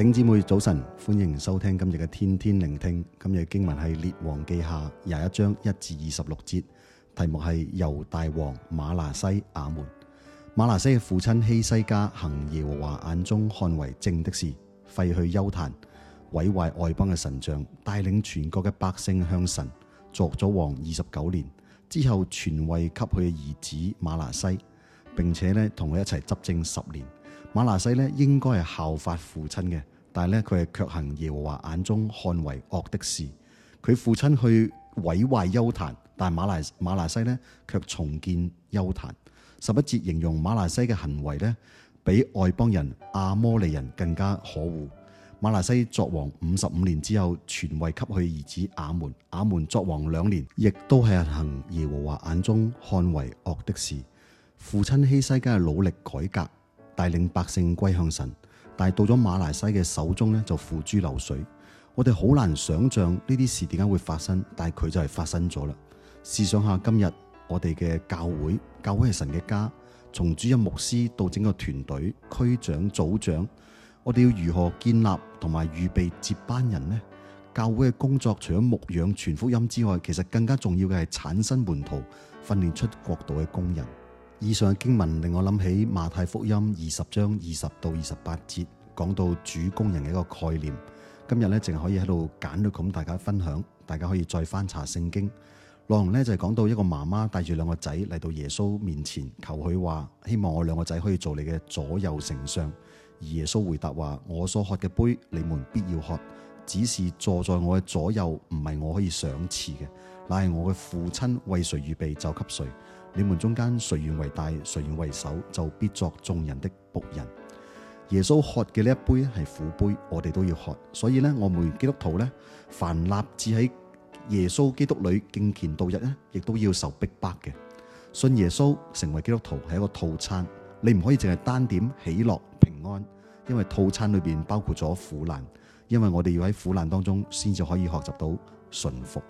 頂姊妹早晨，歡迎收聽今日嘅天天聆聽。今日經文係《列王記下》廿一章一至二十六節，題目係猶大王瑪拿西、亞們。瑪拿西嘅父親希西家行耶和華眼中看為正的事，廢去邱壇，毀壞外邦嘅神像，帶領全國嘅百姓向神，作咗王二十九年，之後傳位給佢嘅兒子瑪拿西，並且呢同佢一齊執政十年。馬拿西咧，應該係效法父親嘅，但係咧，佢係卻行耶和華眼中看為惡的事。佢父親去毀壞幽潭，但係馬拿馬拿西咧卻重建幽潭。十一節形容馬拿西嘅行為咧，比外邦人阿摩利人更加可惡。馬拿西作王五十五年之後，傳位給佢兒子阿門。阿門作王兩年，亦都係行耶和華眼中看為惡的事。父親希西家努力改革。帶領百姓歸向神，但係到咗瑪拿西嘅手中咧就付諸流水。我哋好難想象呢啲事點解會發生，但係佢就係發生咗啦。試想下今日我哋嘅教會，教會係神嘅家，從主任牧師到整個團隊、區長、組長，我哋要如何建立同埋預備接班人呢？教會嘅工作除咗牧養傳福音之外，其實更加重要嘅係產生門徒，訓練出國度嘅工人。以上嘅經文令我諗起馬太福音二十章二十到二十八節，講到主工人嘅一個概念。今日呢，淨可以喺度簡略咁大家分享，大家可以再翻查聖經。內容呢，就係講到一個媽媽帶住兩個仔嚟到耶穌面前求佢話，希望我兩個仔可以做你嘅左右丞相。而耶穌回答話：我所喝嘅杯，你們必要喝；只是坐在我嘅左右，唔係我可以賞賜嘅，乃係我嘅父親為誰預備就給誰。你們中間誰願為大，誰願為首，就必作眾人的僕人。耶穌喝嘅呢一杯係苦杯，我哋都要喝。所以咧，我們基督徒咧，凡立志喺耶穌基督裏敬虔度日咧，亦都要受逼迫嘅。信耶穌成為基督徒係一個套餐，你唔可以淨係單點喜樂平安，因為套餐裏邊包括咗苦難。因為我哋要喺苦難當中，先至可以學習到順服。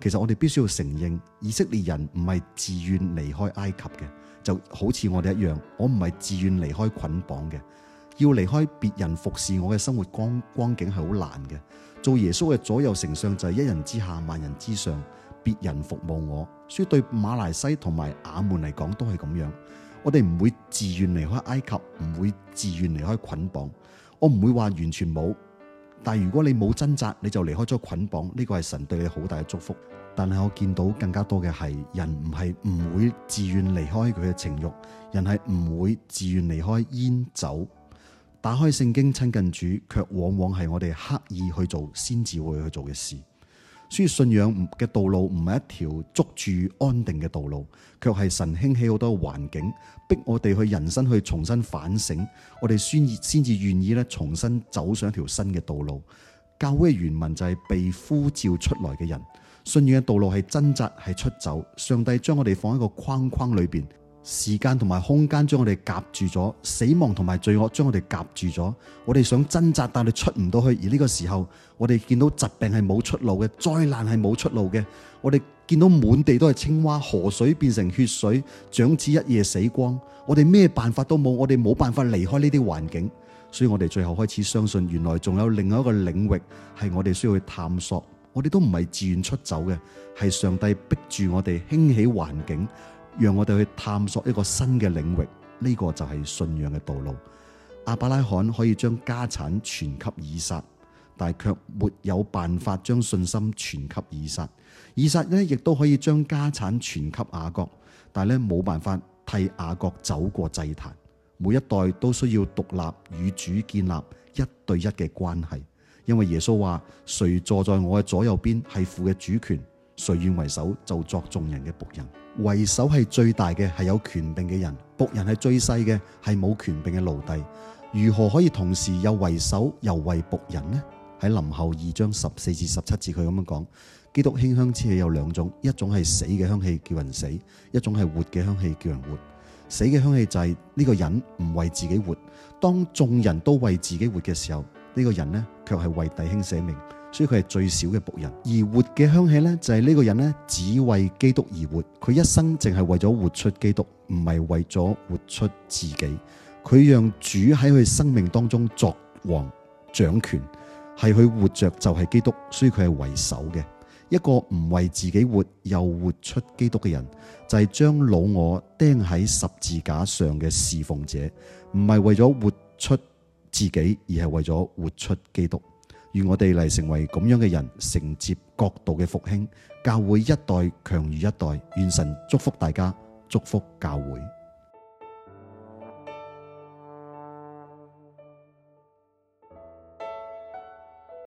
其實我哋必須要承認，以色列人唔係自願離開埃及嘅，就好似我哋一樣，我唔係自願離開捆綁嘅，要離開別人服侍我嘅生活光光景係好難嘅。做耶穌嘅左右丞相就係一人之下萬人之上，別人服務我，所以對瑪拿西同埋亞們嚟講都係咁樣。我哋唔會自願離開埃及，唔會自願離開捆綁，我唔會話完全冇。但如果你冇掙扎，你就離開咗捆綁，呢個係神對你好大嘅祝福。但係我見到更加多嘅係人唔係唔會自願離開佢嘅情慾，人係唔會自願離開煙酒。打開聖經親近主，卻往往係我哋刻意去做先至會去做嘅事。所以信仰嘅道路唔係一條捉住安定嘅道路，卻係神興起好多環境，逼我哋去人生去重新反省，我哋先至願意咧重新走上一條新嘅道路。教會嘅原文就係被呼召出來嘅人，信仰嘅道路係掙扎係出走，上帝將我哋放喺個框框裏邊。時間同埋空間將我哋夾住咗，死亡同埋罪惡將我哋夾住咗。我哋想掙扎，但係出唔到去。而呢個時候，我哋見到疾病係冇出路嘅，災難係冇出路嘅。我哋見到滿地都係青蛙，河水變成血水，長子一夜死光。我哋咩辦法都冇，我哋冇辦法離開呢啲環境。所以我哋最後開始相信，原來仲有另外一個領域係我哋需要去探索。我哋都唔係自願出走嘅，係上帝逼住我哋興起環境。讓我哋去探索一個新嘅領域，呢個就係信仰嘅道路。亞伯拉罕可以將家產傳給以撒，但係卻沒有辦法將信心傳給以撒。以撒呢亦都可以將家產傳給雅各，但係咧冇辦法替雅各走過祭壇。每一代都需要獨立與主建立一對一嘅關係，因為耶穌話：誰坐在我嘅左右邊，係父嘅主權。誰願為首，就作眾人嘅僕人。為首係最大嘅，係有權柄嘅人；僕人係最細嘅，係冇權柄嘅奴隸。如何可以同時有為又為首又為僕人呢？喺林後二章十四至十七節佢咁樣講：基督馨香之氣有兩種，一種係死嘅香氣叫人死，一種係活嘅香氣叫人活。死嘅香氣就係呢個人唔為自己活，當眾人都為自己活嘅時候，呢、這個人呢卻係為弟兄捨命。所以佢係最小嘅僕人，而活嘅香氣呢，就係呢個人呢，只為基督而活。佢一生淨係為咗活出基督，唔係為咗活出自己。佢讓主喺佢生命當中作王掌權，係佢活着就係基督。所以佢係為首嘅。一個唔為自己活又活出基督嘅人，就係將老我釘喺十字架上嘅侍奉者，唔係為咗活出自己，而係為咗活出基督。願我哋嚟成為咁樣嘅人，承接國度嘅復興，教會一代強如一代。願神祝福大家，祝福教會。